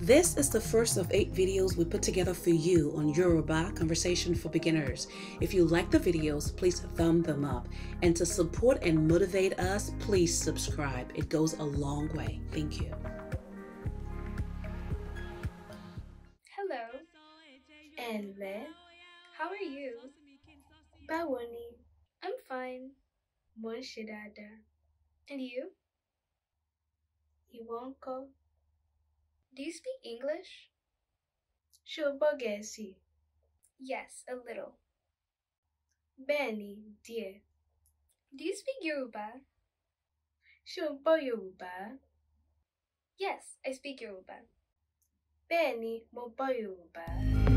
This is the first of eight videos we put together for you on Yoruba Conversation for Beginners. If you like the videos, please thumb them up. And to support and motivate us, please subscribe. It goes a long way. Thank you. Hello. Ẹ̀lẹ́. How are you? Báwo I'm fine. Mo And you? Ìwọ do you speak English? Seu borghese? Yes, a little. Benny dear. Do you speak Yoruba? Seu Yoruba? Yes, I speak Yoruba. Benny mo Yoruba.